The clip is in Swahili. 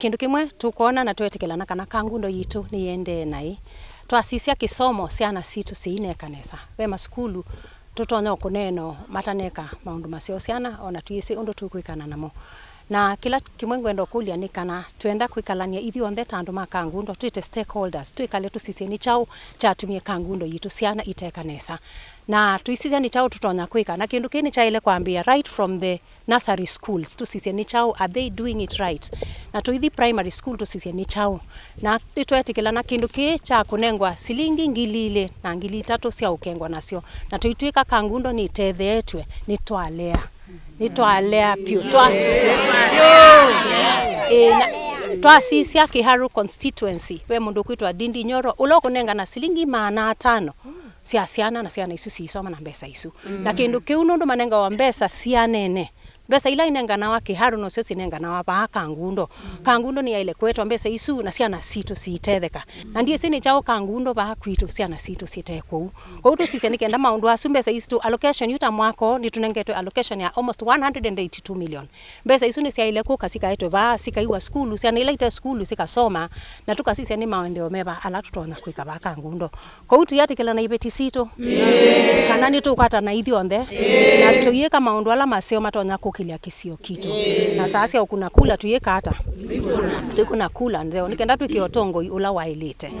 kindu kimwe tukona na twetikilana kana kangundo yitu ni yendee nai twasisya kisomo syana situ siine kanisa ve masukulu tutonya kuneno mataneka maundu masio syana ona tuisi undu tukwikana namo na kila kimwengendo kulia ni kana twenda kuikalania ithiothe ta andu makangundo twite stakeholders twikale tuciciani chau chatumie kangundo yitu ciana itekanesa na tuiciciani chau tutonya kwika na kindu kini chaile kwambia right from the nursery schools tuciciani chau are they doing it right na tuithi primary school tuciciani chau na itwetikila na kindu ki cha kunengwa silingi ngili ile na ngili tatu cia ukengwa nacio na tuitwika kangundo ni tethetwe ni twalea nitwalea piu eh, twasisia kiharu constituency we mundu kwitwa dindi nyoro ula ukunengana silingi maana atano cia ciana na ciana isu ciisoma na mbesa isu mm. na kindu kiu nundu manengawa mbesa sianene mbeca ila inengana wa kiharu no cio cinengana wa baa kangundo mm-hmm. kangundo ni ile kwetu mbeca isu na ciana citu citetheka mm-hmm. na ndie cini chao kangundo baa kwitu ciana citu cite mm-hmm. kuu kuu tucicia ni kenda maundu acu mbeca isu allocation yuta mwako ni tunengetwe allocation ya almost 182 million mbeca isu ni ciaile kuka ba sika iwa skulu ciana ila ite skulu sika soma na tuka tukacicia ni maendeleo meba ala tutonya kwika baa kangundo kuu kila na ibeti sito kanani tu tukata na idhi onde na tuyeka maundu ala macio matonya kuki kile kisio kitu na sasa ukuna kula Tuko na kula nzeo nikenda kiotongo ula wailite